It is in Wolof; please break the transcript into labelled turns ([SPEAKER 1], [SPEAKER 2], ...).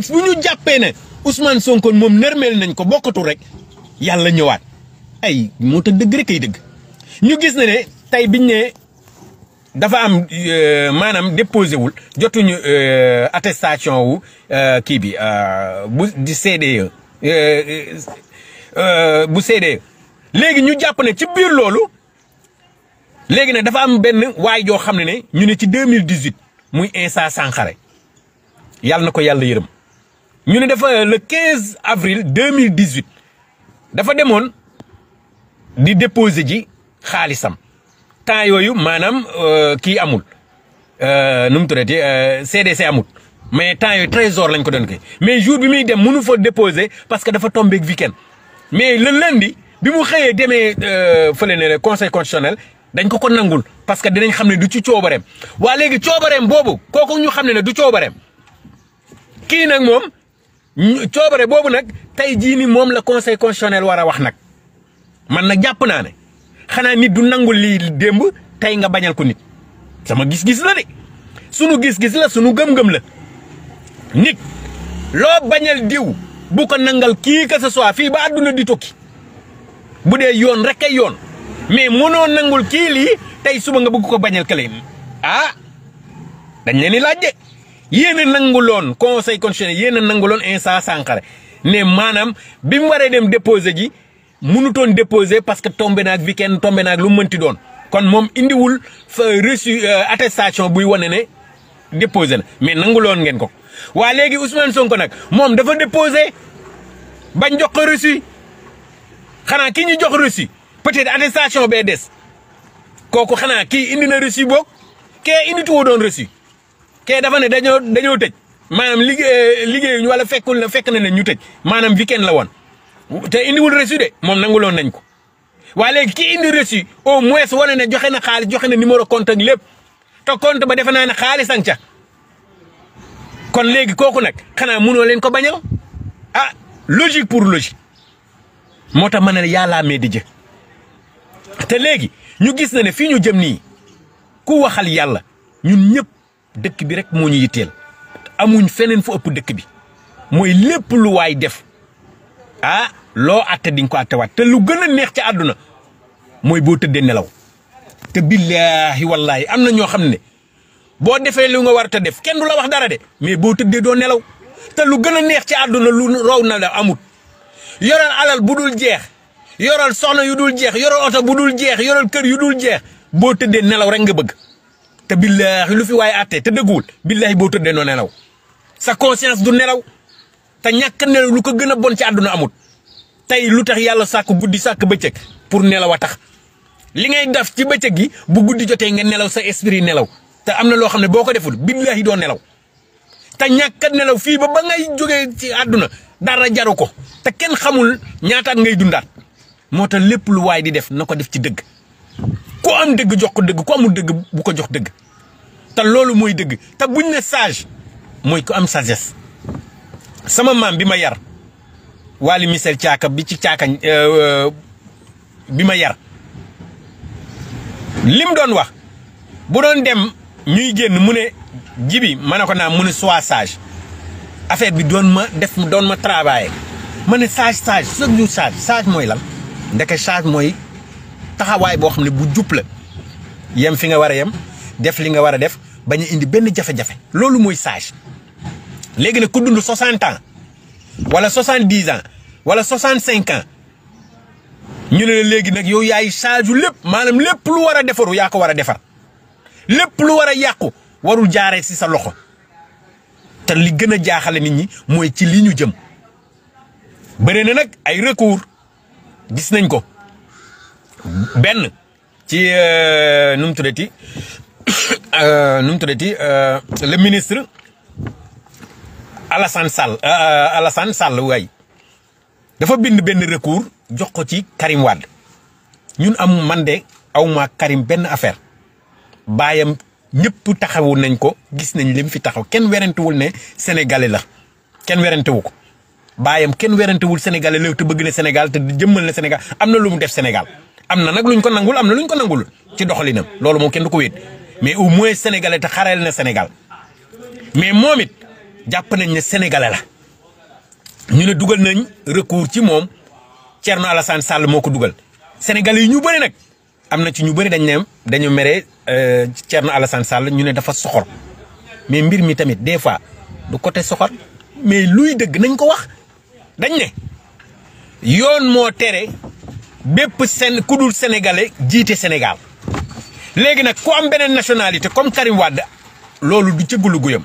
[SPEAKER 1] bu ñu jàppee ne Ousmane Sonko moom nërmeel nañ ko bokkatu rek yàlla ñëwaat ay moo tax dëgg rek ay dëgg ñu gis ne ne tey biñ ne dafa am euh, maanaam déposé wul jotuñu euh, attestation wu euh, kii bi bu di CDE bu CDE léegi ñu jàpp ne ci biir loolu léegi nag dafa am benn waay joo xam ne ne ñu ne ci 2018 muy instant Sankhare yàlla na ko yàlla yërëm ñu ne dafa le 15 avril 2018 dafa demoon di déposer ji xaalisam temps yooyu maanaam euh, kii amul euh, nu mu tuddati CDC euh, amul mais temps yooyu trésor lañ ko doon kii mais jour bi muy dem munu fa déposé parce que dafa tombé ak weekend mais le lundi bi mu xëyee demee fële ne conseil constitutionnel dañ ko ko nangul parce que dinañ xam ne du ci coobareem waa léegi coobareem boobu kooku ñu xam ne ne du coobareem kii nag moom. coobare boobu nag tey jii ni moom la conseil constitutionnel war a wax nag man na jàpp naa ne xanaa nit du nangul lii démb tey nga bañal ko nit sama gis-gis la de sunu gis-gis la sunu gëm-gëm la nit loo bañal diw bu ko nangal kii que ce fii ba àdduna di tukki bu dee yoon rek ay yoon mais mënoo nangul kii lii tey suba nga bëgg ko bañal kële ah dañ leen di laaj de yéen a nanguloon conseil constitutionnel yéen a nanguloon instant Sankharé ne maanaam bi mu waree dem déposé ji mënutoon déposé parce que tombé naag bi kenn tombé naag lu mu mënti doon kon moom indiwul fa reçu euh, attestation buy wane ne déposé na mais nanguloon ngeen ko waa léegi Ousmane Sonko nag moom dafa déposé bañ jox ko reçu xanaa ki ñu jox reçu peut-être attestation bee des kooku xanaa kii indi na reçu book kee indi tuwo doon reçu. kee dafa ne dañoo dañoo tëj maanaam liggéey eh, liggéeyuñu wala fekkul na fekk na ne ñu tëj maanaam weekend la woon te indiwul reçu de moom nanguloon nañ ko waaye léegi ki indi reçu au moins wane ne joxe na xaalis joxe na numéro compte lépp te compte ba defe naa ne xaalis ang ca kon léegi kooku nag xanaa mënoo leen ko bañal ah logique pour logique moo tax ma ne yàllaa mee di jë te léegi ñu gis na ne fii ñu jëm nii ku waxal yàlla ñun ñëpp dëkk bi rek moo ñu yitteel amuñ feneen fu ëpp dëkk bi mooy lépp lu waay def ah loo atte di nga ko attewaat lu gën a neex ci àdduna mooy boo tëddee nelaw te billaahi wallaahi am na ñoo xam ne boo defee lu nga war te def kenn du la wax dara de mais boo tëddee doo nelaw te lu gën a neex ci àdduna lu raw na la amut yoral alal bu dul jeex yoral soxna yu dul jeex yoral oto bu dul jeex yoral kër yu dul jeex boo tëddee nelaw rek nga bëgg. te billaahi lu fi waaye àttee te dëgguwul billaahi boo tëddee noo nelaw sa conscience du nelaw te ñàkk nelaw lu ko gën a bon ci àdduna amut tey lu tax yàlla sàkk guddi sàkk bëccëg pour nelaw a tax li ngay def ci bëccëg yi bu guddi jotee nga nelaw sa esprit nelaw te am na loo xam ne boo ko deful billaahi doo nelaw te ñàkk nelaw fii ba ba ngay jógee ci àdduna dara jaru ko te kenn xamul ñaataat ngay dundaat moo tax lépp lu waaye di def na ko def ci dëgg ko am dëgg jox ko dëgg ku amul dëgg bu ko jox dëgg te loolu mooy dëgg te buñ ne sage mooy ku am sagesse sama maam bi ma yar Wally Michel caaka bi ci caaka euh, bi ma yar lim doon wax bu doon dem ñuy génn mu ne jibi ma ne ko naan mu ne soit sage affaire bi doon ma def doon ma travailler ma ne sage sage chaque jour sage mooy lan ndeke sage mooy taxawaay boo xam ne bu jub la yem fi nga war a yem def li nga war a def bañ a indi benn jafe-jafe loolu mooy sage léegi nag ku dund 60 ans wala 70 ans wala 65 ans ñu ne léegi nag yow yaay sage yu lépp maanaam lépp lu war a defaru yaa ko war a defar lépp lu war a yàqu warul jaaree si sa loxo te li gën a jaaxale nit ñi mooy ci li ñu jëm bëri nag ay recours gis nañ ko. benn ci euh, nu mu tuddati euh, nu mu tuddati euh, le ministre Alassane Sall Alassane Sall waay dafa bind benn recours jox ko ci Karim Wade ñun am man de aw ma Karim benn affaire baayam ñëpp taxawu nañ ko gis nañ lim fi taxaw kenn werantewul ne sénégalais la kenn werantewu ko baayam kenn werantewul sénégalais la te bëgg na Sénégal te jëmmal na Sénégal am na lu mu def Sénégal. am na nag luñ ko nangul am na luñ ko nangul ci doxalinam loolu moom kenn du ko wéet mais au moins sénégalais te xareel na senegal mais moom it jàpp nañ ne sénégalais la ñu ne dugal nañ recours ci moom Thierno Alassane Sall moo ko dugal sénégalais yi ñu bëri nag am na ci ñu bëri dañ ne dañu mere euh, Thierno Alassane Sall ñu ne dafa soxor mais mbir mi tamit des fois du côté soxor mais luy dëgg nañ ko wax dañ ne yoon moo tere. bépp seen ku dul sénégalais jiite Sénégal léegi nag ku am beneen nationalité comme Karim Wade loolu du ci guluguyam